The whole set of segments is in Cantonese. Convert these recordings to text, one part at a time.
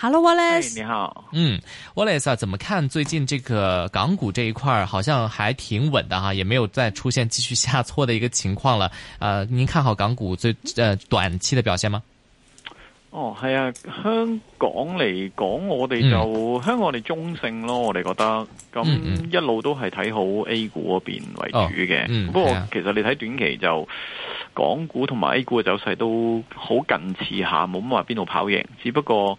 Hello，Wallace、hey，你好。嗯，Wallace 怎麼看最近這個港股這一塊，好像還挺穩的哈，也沒有再出現繼續下挫的一個情況了。呃，您看好港股最、呃、短期的表現嗎？哦，係啊，香港嚟講，我哋就、嗯、香港我哋中性咯，我哋覺得咁一路都係睇好 A 股嗰邊為主嘅，哦。不過其實你睇短期就、嗯啊、港股同埋 A 股嘅走勢都好近似下，冇乜話邊度跑贏，只不過。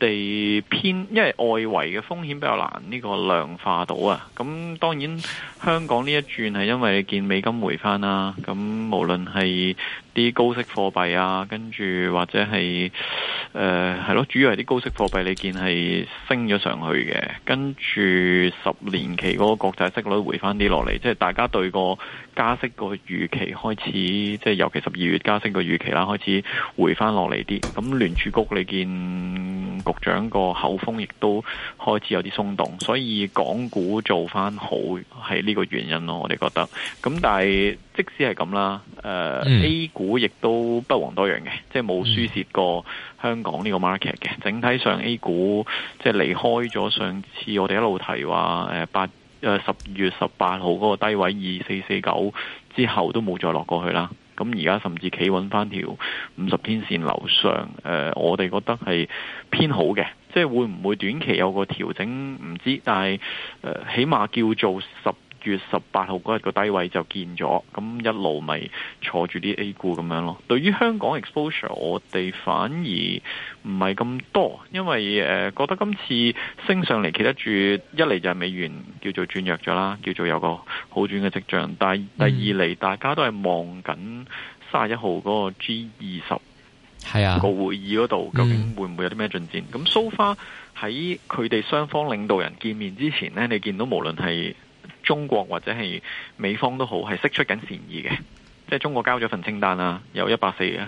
地偏，因為外圍嘅風險比較難呢個量化到啊。咁當然，香港呢一轉係因為你見美金回翻啦。咁無論係啲高息貨幣啊，跟住或者係誒係咯，主要係啲高息貨幣你見係升咗上去嘅。跟住十年期嗰個國債息率回翻啲落嚟，即係大家對個加息個預期開始，即係尤其十二月加息個預期啦，開始回翻落嚟啲。咁聯儲局你見？局長個口風亦都開始有啲鬆動，所以港股做翻好係呢個原因咯，我哋覺得。咁但係即使係咁啦，誒、呃嗯、A 股亦都不遑多讓嘅，即係冇輸蝕過香港呢個 market 嘅。整體上 A 股即係離開咗上次我哋一路提話，誒八誒十月十八號嗰個低位二四四九之後都，都冇再落過去啦。咁而家甚至企穩翻條五十天線樓上，誒，我哋覺得係偏好嘅，即係會唔會短期有個調整唔知，但係誒，起碼叫做十。月十八號嗰日個低位就見咗，咁一路咪坐住啲 A 股咁樣咯。對於香港 exposure，我哋反而唔係咁多，因為誒、呃、覺得今次升上嚟企得住，一嚟就係美元叫做轉弱咗啦，叫做有個好轉嘅跡象。但係第二嚟，嗯，大家都係望緊三十一號嗰個 G 二十係啊個會議嗰度，啊，究竟會唔會有啲咩進展？咁 so far 喺佢哋雙方領導人見面之前呢，你見到無論係。中國或者係美方都好，係釋出緊善意嘅，即係中國交咗份清單啦，有一百四十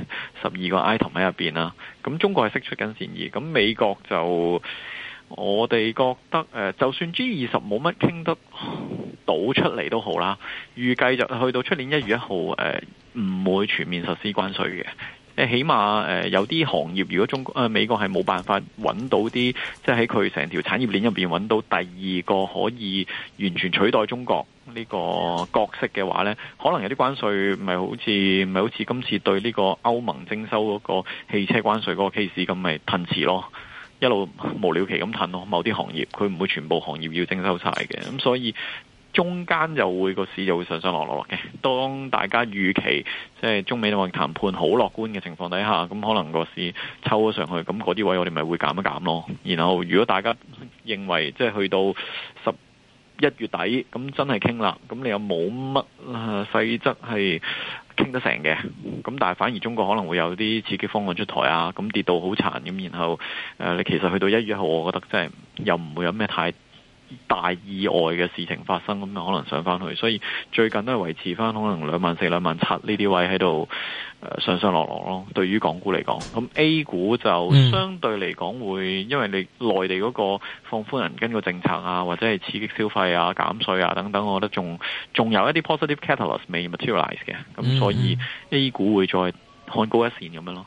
二個 item 喺入邊啦。咁中國係釋出緊善意，咁美國就我哋覺得誒，就算 G 二十冇乜傾得到出嚟都好啦，預計就去到出年一月一號誒，唔會全面實施關稅嘅。起碼誒有啲行業，如果中國誒美國係冇辦法揾到啲，即係喺佢成條產業鏈入邊揾到第二個可以完全取代中國呢個角色嘅話呢，可能有啲關稅咪好似咪好似今次對呢個歐盟徵收嗰個汽車關稅嗰個 case 咁，咪褪遲咯，一路無了期咁褪咯。某啲行業佢唔會全部行業要徵收晒嘅，咁所以。中間就會個市就會上上落落嘅。當大家預期即係中美兩岸談判好樂觀嘅情況底下，咁可能個市抽咗上去，咁嗰啲位我哋咪會減一減咯。然後如果大家認為即係去到十一月底，咁真係傾啦，咁你又冇乜細則係傾得成嘅。咁但係反而中國可能會有啲刺激方案出台啊，咁跌到好殘咁。然後誒，你、呃、其實去到一月後，我覺得真係又唔會有咩太。大意外嘅事情發生，咁就可能上翻去，所以最近都係維持翻可能兩萬四、兩萬七呢啲位喺度、呃、上上落落咯。對於港股嚟講，咁 A 股就相對嚟講會，因為你內地嗰個放寬人跟個政策啊，或者係刺激消費啊、減稅啊等等，我覺得仲仲有一啲 positive catalyst 未 materialize 嘅，咁所以 A 股會再看高一線咁樣咯。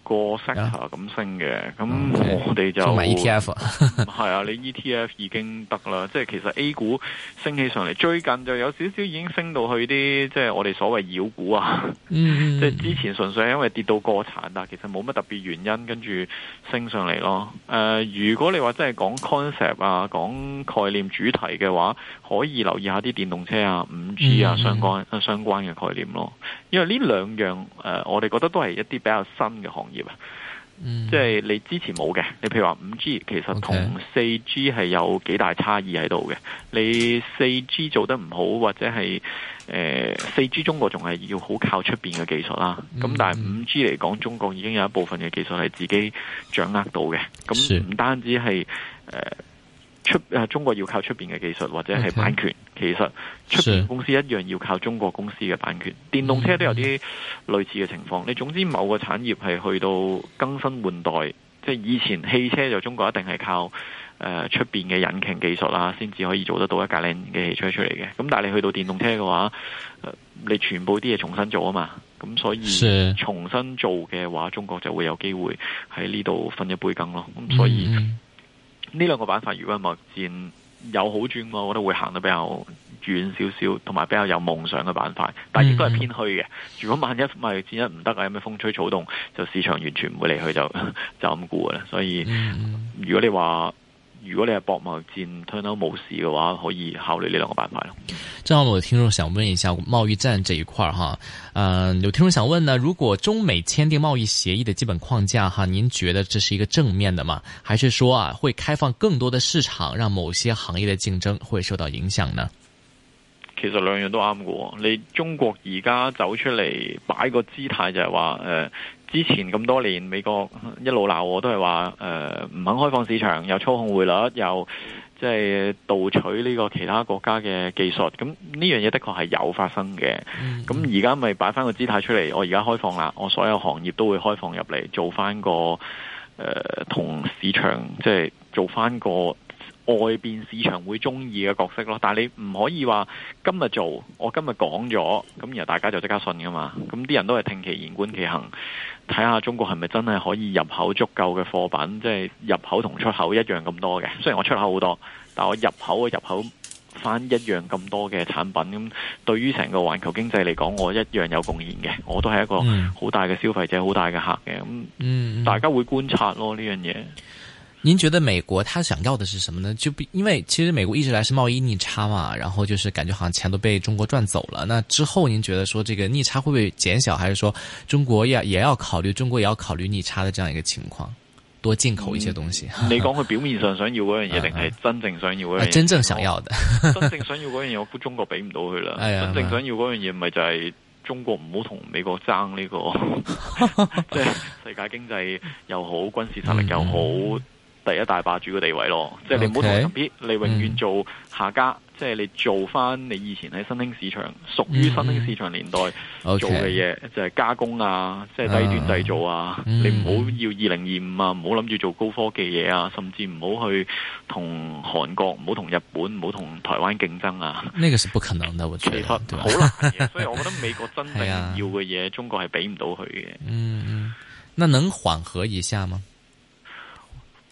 個 sector 咁升嘅，咁、yeah. okay. 我哋就買 ETF。係 啊，你 ETF 已經得啦。即係其實 A 股升起上嚟，最近就有少少已經升到去啲，即係我哋所謂妖股啊。嗯、 即係之前純粹係因為跌到過慘，但其實冇乜特別原因，跟住升上嚟咯。誒、呃，如果你話真係講 concept 啊，講概念主題嘅話，可以留意下啲電動車啊、五 G 啊、嗯、相關相關嘅概念咯。因為呢兩樣誒、呃，我哋覺得都係一啲比較新嘅行業。業、嗯，即係你之前冇嘅。你譬如話五 G，其實同四 G 係有幾大差異喺度嘅。你四 G 做得唔好，或者係誒四 G 中國仲係要好靠出邊嘅技術啦。咁但係五 G 嚟講，中國已經有一部分嘅技術係自己掌握到嘅。咁唔單止係誒。呃出中國要靠出邊嘅技術或者係版權，okay。其實出邊公司一樣要靠中國公司嘅版權。電動車都有啲類似嘅情況。嗯。你總之某個產業係去到更新換代，即係以前汽車就中國一定係靠誒出邊嘅引擎技術啦，先至可以做得到一架靚嘅汽車出嚟嘅。咁但係你去到電動車嘅話，你全部啲嘢重新做啊嘛。咁所以重新做嘅話，中國就會有機會喺呢度分一杯羹咯。咁所以，嗯。呢兩個板塊，如果貿戰有好轉，我覺得會行得比較遠少少，同埋比較有夢想嘅板塊，但係亦都係偏虛嘅。如果萬一貿戰一唔得啊，有咩風吹草動，就市場完全唔會離去，就就咁沽啦。所以如果你話，如果你係博貿易戰推翻冇事嘅話，可以考慮呢兩個辦法咯。正好我聽眾想問一下貿易戰這一塊哈，誒、呃，有聽眾想問呢，如果中美簽訂貿易協議的基本框架哈、啊，您覺得這是一個正面的嗎？還是說啊會開放更多的市場，讓某些行業的競爭會受到影響呢？其實兩樣都啱嘅，你中國而家走出嚟擺個姿態就係話誒。呃之前咁多年，美國一路鬧我都係話，誒、呃、唔肯開放市場，又操控匯率，又即係盜取呢個其他國家嘅技術。咁呢樣嘢的確係有發生嘅。咁而家咪擺翻個姿態出嚟，我而家開放啦，我所有行業都會開放入嚟，做翻個誒、呃、同市場，即係做翻個。外邊市場會中意嘅角色咯，但係你唔可以話今日做，我今日講咗，咁然後大家就即刻信㗎嘛？咁啲人都係聽其言觀其行，睇下中國係咪真係可以入口足夠嘅貨品，即係入口同出口一樣咁多嘅。雖然我出口好多，但我入口啊，入口翻一樣咁多嘅產品，咁對於成個環球經濟嚟講，我一樣有貢獻嘅。我都係一個好大嘅消費者，好大嘅客嘅。咁大家會觀察咯呢樣嘢。您覺得美國他想要的是什麼呢？就因為其實美國一直來是貿易逆差嘛，然後就是感覺好像錢都被中國賺走了。那之後您覺得說這個逆差會不會減小，還是說中國也要中國也要考慮中國也要考慮逆差的這樣一個情況，多進口一些東西？嗯、你講佢表面上想要嗰樣嘢，定 係真正想要嗰、啊啊、真正想要的？ 真正想要嗰樣嘢，我估中國畀唔到佢啦。真正想要嗰樣嘢，咪就係中國唔好同美國爭呢、呢個，即 係 世界經濟又好，軍事實力又好。嗯嗯第一大霸主嘅地位咯，即係你唔好特別，你永遠做下家，嗯、即係你做翻你以前喺新興市場，屬、嗯、於新興市場年代做嘅嘢，okay, 就係加工啊，即、啊、係低端製造啊，嗯、你唔好要二零二五啊，唔好諗住做高科技嘢啊，甚至唔好去同韓國、唔好同日本、唔好同台灣競爭啊。那個是不可能的，我覺得，好難嘅，所以我覺得美國真係要嘅嘢、 啊，中國係俾唔到佢嘅。嗯嗯，那能緩和一下嗎？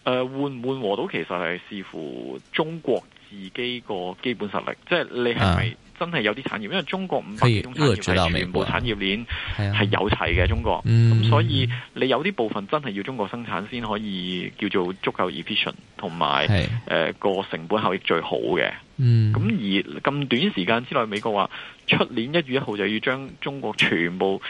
誒、呃，緩唔緩和到其實係視乎中國自己個基本實力，即係你係咪真係有啲產業、啊？因為中國五百種產業全部產業鏈係有齊嘅、啊，中國咁、嗯、所以你有啲部分真係要中國生產先可以叫做足夠 efficient，同埋誒個成本效益最好嘅。咁、嗯、而咁短時間之內，美國話出年一月一號就要將中國全部。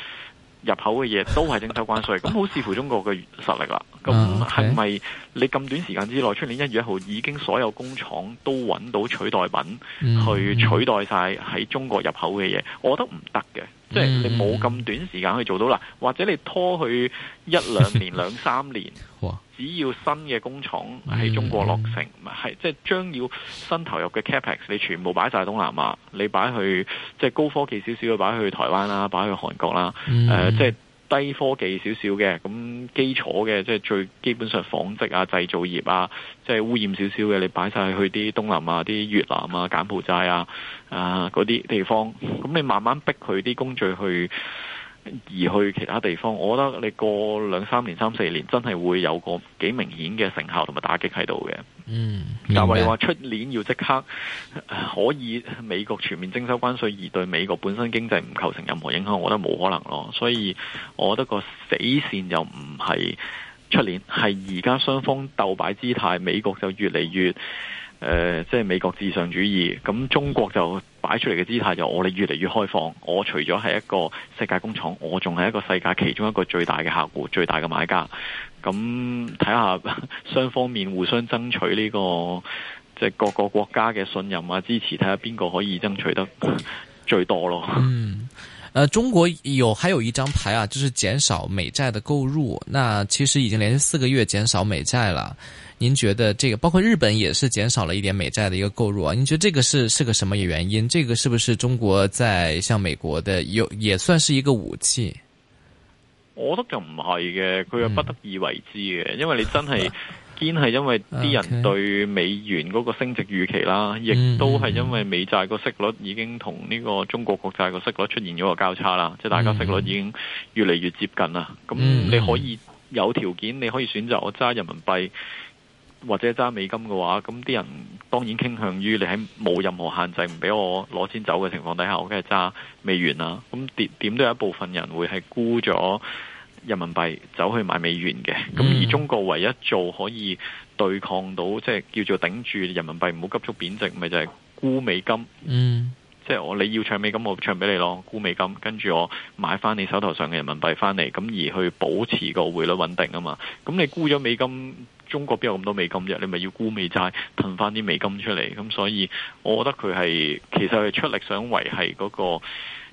入口嘅嘢都係徵收關稅，咁好視乎中國嘅實力啦。咁係咪你咁短時間之內，出年一月一號已經所有工廠都揾到取代品去取代晒喺中國入口嘅嘢？我覺得唔得嘅，即係你冇咁短時間去做到啦，或者你拖去一兩年、兩三年。 只要新嘅工廠喺中國落成，唔係即係將要新投入嘅 capex，你全部擺晒東南亞，你擺去即係、就是、高科技少少嘅擺去台灣啦，擺去韓國啦，即、嗯、係、呃就是、低科技少少嘅咁基礎嘅，即、就、係、是、最基本上紡織啊製造業啊，即、就、係、是、污染少少嘅，你擺晒去啲東南亞、啲越南啊、柬埔寨啊啊嗰啲地方，咁你慢慢逼佢啲工序去。而去其他地方，我覺得你過兩三年、三四年，真係會有個幾明顯嘅成效同埋打擊喺度嘅。嗯，但係話出年要即刻可以美國全面徵收關稅，而對美國本身經濟唔構成任何影響，我覺得冇可能咯。所以，我覺得個死線又唔係出年，係而家雙方鬥擺姿態，美國就越嚟越。誒、呃，即係美國至上主義，咁中國就擺出嚟嘅姿態就我哋越嚟越開放。我除咗係一個世界工廠，我仲係一個世界其中一個最大嘅客戶，最大嘅買家。咁睇下雙方面互相爭取呢、這個即係、就是、各個國家嘅信任啊、支持，睇下邊個可以爭取得最多咯。誒、嗯呃，中國有還有一張牌啊，就是減少美債的購入。那其實已經連續四個月減少美債啦。您覺得這個包括日本也是減少了一點美債的一個購入啊？您覺得這個是是個什麼原因？這個是不是中國在向美國的有也算是一個武器？我覺得就唔係嘅，佢又不得已而為之嘅，嗯，因為你真係堅係因為啲人對美元嗰個升值預期啦，亦，嗯、都係因為美債個息率已經同呢個中國國債個息率出現咗個交叉啦，即、嗯、係、就是、大家息率已經越嚟越接近啦，咁、嗯、你可以有條件你可以選擇我揸人民幣。或者揸美金嘅話，咁啲人當然傾向於你喺冇任何限制，唔俾我攞錢走嘅情況底下，我梗係揸美元啦。咁點點都有一部分人會係沽咗人民幣走去買美元嘅。咁而中國唯一做可以對抗到，即係叫做頂住人民幣唔好急速貶值，咪就係沽美金。嗯，即係我你要唱美金，我唱俾你咯。沽美金，跟住我買翻你手頭上嘅人民幣翻嚟，咁而去保持個匯率穩定啊嘛。咁你沽咗美金。中國邊有咁多美金啫？你咪要沽美債，騰返啲美金出嚟。咁所以我覺得佢係其實係出力想維繫嗰個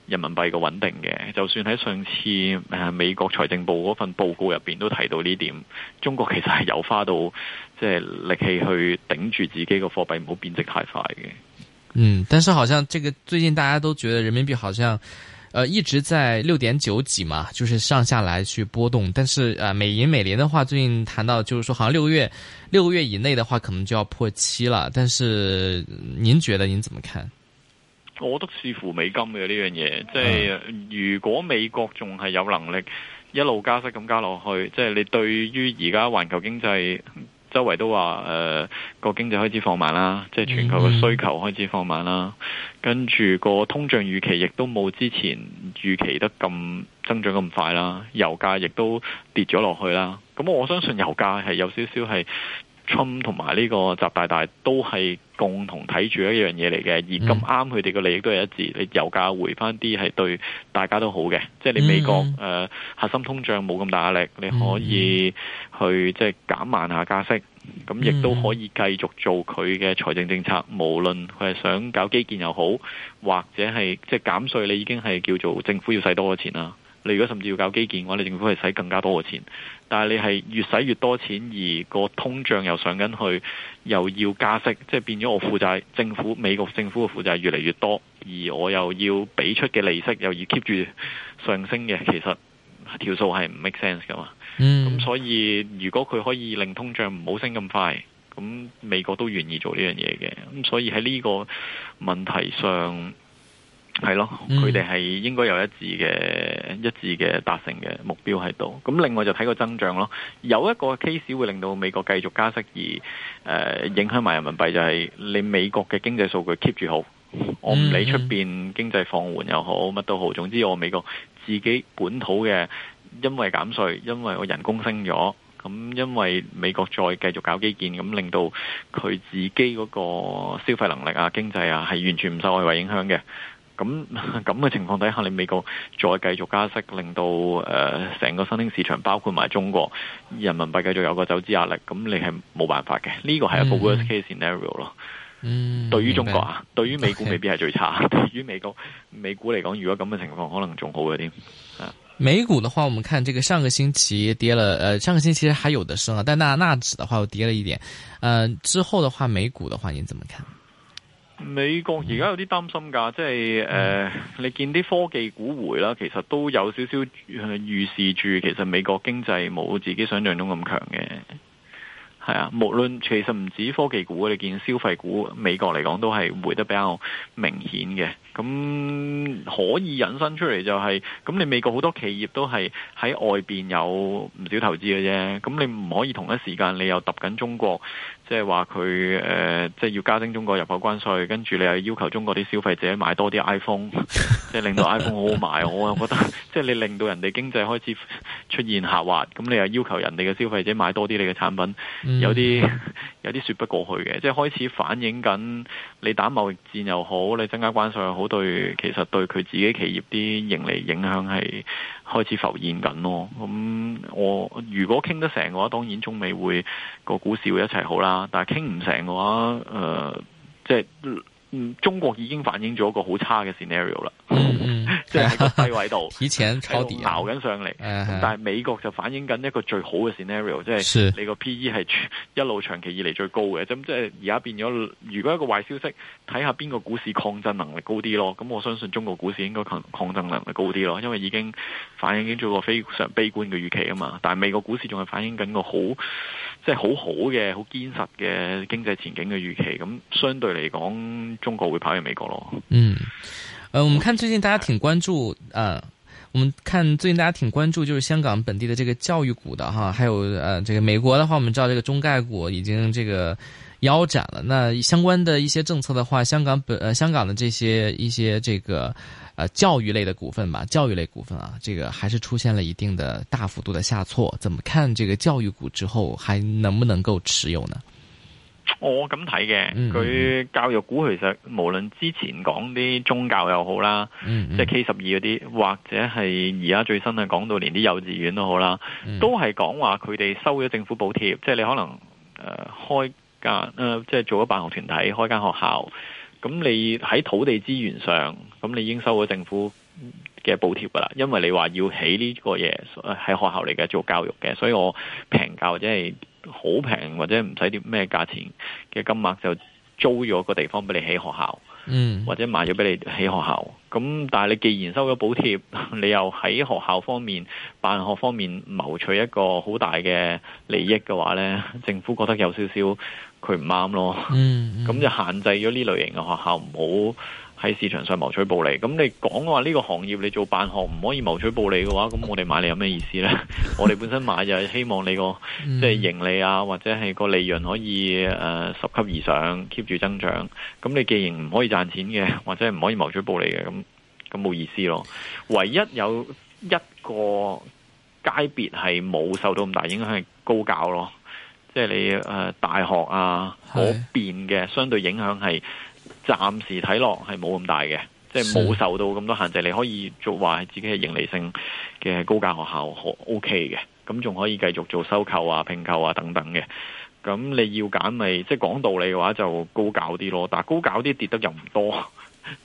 人民幣嘅穩定嘅。就算喺上次誒、呃、美國財政部嗰份報告入邊都提到呢點，中國其實係有花到即係、就是、力氣去頂住自己嘅貨幣唔好貶值太快嘅。嗯，但是好像這個最近大家都覺得人民幣好像。呃，一直在六點九幾嘛，就是上下來去波動，但是，呃，美銀美林的話最近談到，就是說，好像六個月六個月以內的話，可能就要破七了，但是，您覺得，您怎麼看？我覺得似乎美金嘅呢樣嘢，即係、就是、如果美國仲係有能力一路加息咁加落去，即、就、係、是、你對於而家環球經濟。周圍都話誒，個、呃、經濟開始放慢啦，即係全球嘅需求開始放慢啦，跟住個通脹預期亦都冇之前預期得咁增長咁快啦，油價亦都跌咗落去啦。咁我相信油價係有少少係。春同埋呢個習大大都係共同睇住一樣嘢嚟嘅，而咁啱佢哋嘅利益都係一致。你油價回翻啲，係對大家都好嘅。即係你美國誒、呃，核心通脹冇咁大壓力，你可以去即係減慢一下加息，咁亦都可以繼續做佢嘅財政政策。無論佢係想搞基建又好，或者係即係減稅，你已經係叫做政府要使多嘅錢啦。你如果甚至要搞基建嘅話，你政府係使更加多嘅錢，但係你係越使越多錢，而個通脹又上緊去，又要加息，即係變咗我負債政府美國政府嘅負債越嚟越多，而我又要俾出嘅利息又要 keep 住上升嘅，其實條數係唔 make sense 㗎嘛。咁、嗯、所以如果佢可以令通脹唔好升咁快，咁美國都願意做呢樣嘢嘅。咁所以喺呢個問題上。係咯，佢哋係應該有一致嘅一致嘅達成嘅目標喺度。咁另外就睇個增長咯。有一個 case 會令到美國繼續加息而，誒、呃、影響埋人民幣，就係、是、你美國嘅經濟數據 keep 住好，我唔理出邊經濟放緩又好乜都好，總之我美國自己本土嘅，因為減稅，因為我人工升咗，咁因為美國再繼續搞基建，咁令到佢自己嗰個消費能力啊、經濟啊，係完全唔受外圍影響嘅。咁咁嘅情況底下，你美國再繼續加息，令到誒成、呃、個新興市場包括埋中國人民幣繼續有個走資壓力，咁你係冇辦法嘅。呢、這個係一個 worst case scenario 咯。嗯，對於中國啊，對於美股未必係最差。Okay. 對於美國美股嚟講，如果咁嘅情況，可能仲好一啲。美股的話，我們看這個上個星期跌了，誒、呃、上個星期還有得升啊，但納納指的話又跌了一點。嗯、呃，之後的話美股的話，你怎麼看？美國而家有啲擔心㗎，即係、呃、你見啲科技股回啦，其實都有少少預示住，其實美國經濟冇自己想像中咁強嘅。係啊，無論其實唔止科技股，你見消費股美國嚟講都係回得比較明顯嘅。咁可以引申出嚟就係、是，咁你美國好多企業都係喺外邊有唔少投資嘅啫。咁你唔可以同一時間你又揼緊中國。即係話佢，誒，即係要加徵中國入口關稅，跟住你又要求中國啲消費者買多啲 iPhone，即 係令到 iPhone 好好賣。我又覺得，即係你令到人哋經濟開始出現下滑，咁你又要求人哋嘅消費者買多啲你嘅產品，嗯、有啲。 有啲説不過去嘅，即係開始反映緊你打貿易戰又好，你增加關稅又好，對其實對佢自己企業啲盈利影響係開始浮現緊咯。咁、嗯、我如果傾得成嘅話，當然中美會個股市會一齊好啦。但係傾唔成嘅話，誒、呃，即係。嗯、中國已經反映咗一個好差嘅 scenario 啦，即係喺個低位度， 以前抄底，熬緊上嚟。 但係美國就反映緊一個最好嘅 scenario，即係你個 PE 係一路長期以嚟最高嘅。咁即係而家變咗，如果一個壞消息，睇下邊個股市抗震能力高啲咯。咁我相信中國股市應該抗抗震能力高啲咯，因為已經反映咗個非常悲觀嘅預期啊嘛。但係美國股市仲係反映緊個好。即係好好嘅，好堅實嘅經濟前景嘅預期，咁相對嚟講，中國會跑贏美國咯。嗯，誒、呃，我們看最近大家挺關注，誒、呃，我們看最近大家挺關注，就是香港本地嘅這個教育股的哈，還有誒，這個美國的話，我們知道這個中概股已經這個。腰斬了，那相關的一些政策的話，香港本、呃，香港的這些一些這個，呃教育類的股份吧，教育類股份啊，這個還是出現了一定的大幅度的下挫，怎麼看這個教育股之後還能不能夠持有呢？我咁睇嘅，佢、嗯、教育股其實無論之前講啲宗教又好啦，即係 K 十二嗰啲，或者係而家最新係講到連啲幼稚園都好啦、嗯，都係講話佢哋收咗政府補貼，即、就、係、是、你可能誒、呃、開。間，誒，即係做咗辦學團體，開間學校，咁你喺土地資源上，咁你已經收咗政府嘅補貼噶啦，因為你話要起呢個嘢，係學校嚟嘅，做教育嘅，所以我平價、就是、或者係好平或者唔使啲咩價錢嘅金額就租咗個地方俾你起學校。嗯，或者賣咗俾你起學校，咁但係你既然收咗補貼，你又喺學校方面辦學方面謀取一個好大嘅利益嘅話呢，政府覺得有少少佢唔啱咯。嗯，咁、嗯、就限制咗呢類型嘅學校唔好喺市場上謀取暴利，咁你講話呢個行業你做辦學唔可以謀取暴利嘅話，咁我哋買你有咩意思呢？我哋本身買就係希望你個即係盈利啊，或者係個利潤可以誒十級以上 keep 住增長。咁你既然唔可以賺錢嘅，或者唔可以謀取暴利嘅，咁咁冇意思咯。唯一有一個界別係冇受到咁大影響係高教咯，即係你誒大學啊嗰邊嘅相對影響係。暫時睇落係冇咁大嘅，即係冇受到咁多限制，你可以做話自己係盈利性嘅高價學校，OK，好 OK 嘅，咁仲可以繼續做收購啊、併購啊等等嘅。咁你要揀咪、就是，即係講道理嘅話就高教啲咯，但係高教啲跌得又唔多，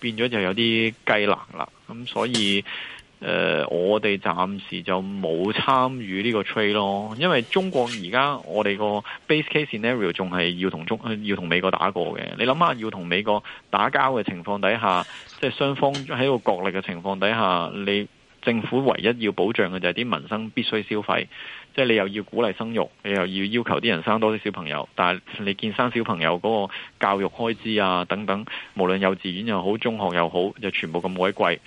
變咗就有啲雞肋啦。咁所以。誒，uh，我哋暫時就冇參與呢個 trade 咯，因為中國而家我哋個 base case scenario 仲係要同中要同美國打過嘅。你諗下，要同美國打交嘅情況底下，即係雙方喺個角力嘅情況底下，你政府唯一要保障嘅就係啲民生必須消費。即係你又要鼓勵生育，你又要要求啲人生多啲小朋友，但係你見生小朋友嗰個教育開支啊等等，無論幼稚園又好，中學又好，又全部咁鬼貴，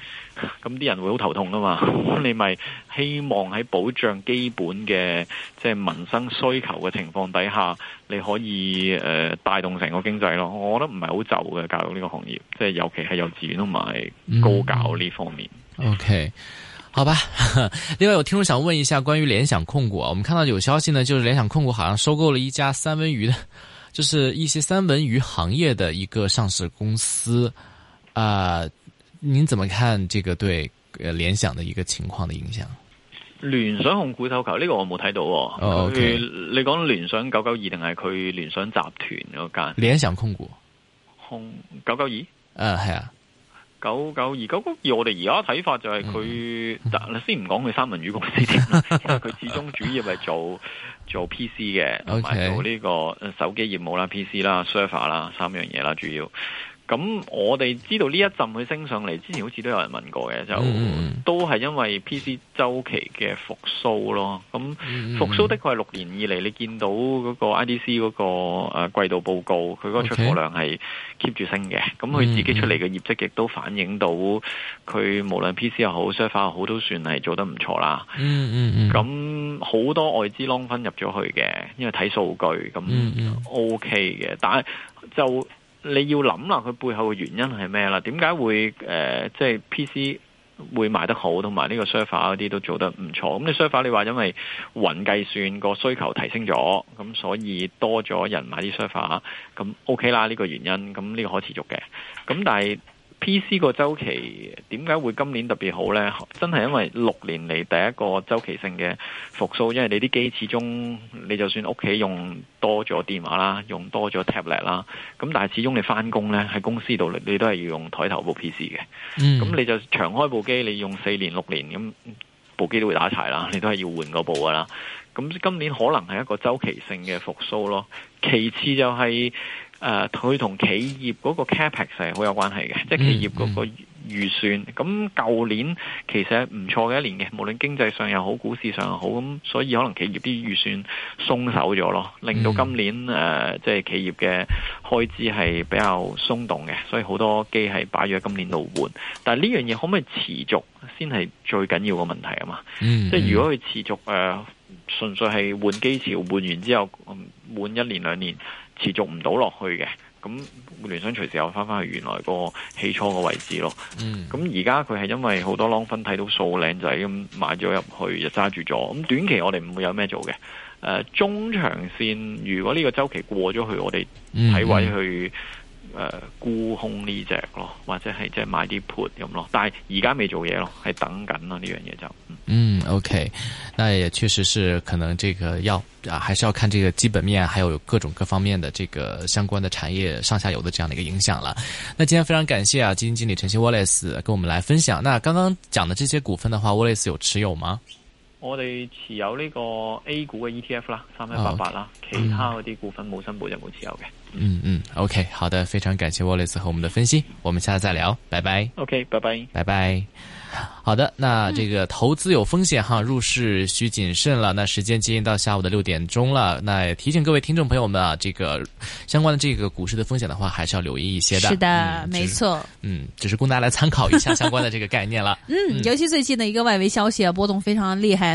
咁啲人會好頭痛噶嘛？你咪希望喺保障基本嘅即係民生需求嘅情況底下，你可以誒帶動成個經濟咯。我覺得唔係好就嘅教育呢個行業，即係尤其係幼稚園同埋高教呢方面。嗯、OK。好吧，另外有聽眾想問一下關於聯想控股，我們看到有消息呢，就是聯想控股好像收購了一家三文魚的，就是一些三文魚行業的一個上市公司，啊、呃，您怎麼看這個對呃聯想的一個情況的影響？聯想控股投球呢、這個我冇睇到哦。哦、oh, okay. 你講聯想九九二定係佢聯想集團嗰間？聯想控股。控九九二？啊，係啊。九九二、九九二，我哋而家睇法就係佢，嗱、嗯，先唔講佢三文魚公司，因為佢始終主要係做做 PC 嘅，同、okay. 埋做呢、呢個手機業務啦、PC 啦、server 啦三樣嘢啦，主要。咁我哋知道呢一陣佢升上嚟，之前好似都有人問過嘅，就都係因為 PC 週期嘅復蘇咯。咁復蘇的確係六年以嚟，你見到嗰個 IDC 嗰個誒季度報告，佢嗰個出貨量係 keep 住升嘅。咁佢自己出嚟嘅業績亦都反映到佢無論 PC 又好，Surface 又好，都算係做得唔錯啦。嗯嗯嗯。咁、嗯、好多外資 long 返入咗去嘅，因為睇數據，咁 OK 嘅。但係就。你要諗啦，佢背後嘅原因係咩啦？點解會、呃、即係 PC 會賣得好，同埋呢個 server 嗰啲都做得唔錯。咁你 server 你話因為雲計算個需求提升咗，咁所以多咗人買啲 server 咁 OK 啦，呢、呢個原因，咁呢個可持續嘅。咁但係。P.C 個周期點解會今年會特別好呢？真係因為六年嚟，第一個周期性嘅復蘇，因為你啲機始終你就算屋企用多咗電話啦，用多咗 tablet 啦，咁但係始終你翻工呢，喺公司度你都係要用枱頭部 P.C 嘅，咁、mm. 你就長開部機，你用四年六年咁部機都會打柴啦，你都係要換嗰部噶啦。咁今年可能係一個周期性嘅復蘇咯。其次就係、是。誒、呃，佢同企業嗰個 CapEx 係好有關係嘅，嗯，即係企業嗰個預算。咁、嗯、舊年其實唔錯嘅一年嘅，無論經濟上又好，股市上又好，咁所以可能企業啲預算鬆手咗咯，令到今年誒、嗯呃，即係企業嘅開支係比較鬆動嘅，所以好多機係擺咗喺今年度換。但係呢樣嘢可唔可以持續先係最緊要嘅問題啊嘛，嗯？即係如果佢持續誒，純、呃、粹係換機潮換完之後，換一年兩年。持續唔到落去嘅，咁聯想隨時又翻翻去原來個起初個位置咯。咁而家佢係因為好多狼分睇到數靚仔咁買咗入去，就揸住咗。咁短期我哋唔會有咩做嘅。誒、呃、中長線，如果呢個周期過咗去，我哋睇位去。Mm-hmm. .誒、呃，沽空呢隻咯，或者係即係買啲 put 咁咯，但係而家未做嘢咯，係等緊咯，呢樣嘢就，嗯，okay，那也確實是可能這個要、啊，還是要看這個基本面，還有各種各方面的這個相關的產業上下游的這樣的一個影響啦。那今天非常感謝啊，基金經理陳昕 Wallace 跟我們來分享。那剛剛講的這些股份的話，Wallace 有持有嗎？我哋持有呢個 A 股嘅 ETF 啦，三一八八啦，oh, 其他嗰啲股份冇申報就冇持有嘅。嗯嗯，OK，好的，非常感謝 Wallace 和我們的分析，我們下次再聊，拜拜。OK，拜拜，拜拜。好的，那這個投資有風險哈，入市需謹慎了，嗯，那時間接近到下午的六點鐘了，那也提醒各位聽眾朋友們啊，這個相關的這個股市的風險的話，還是要留意一些的。是的，嗯，沒錯。嗯，只是供大家來參考一下相關的這個概念了 嗯，嗯，尤其最近的一個外圍消息啊，波動非常厲害。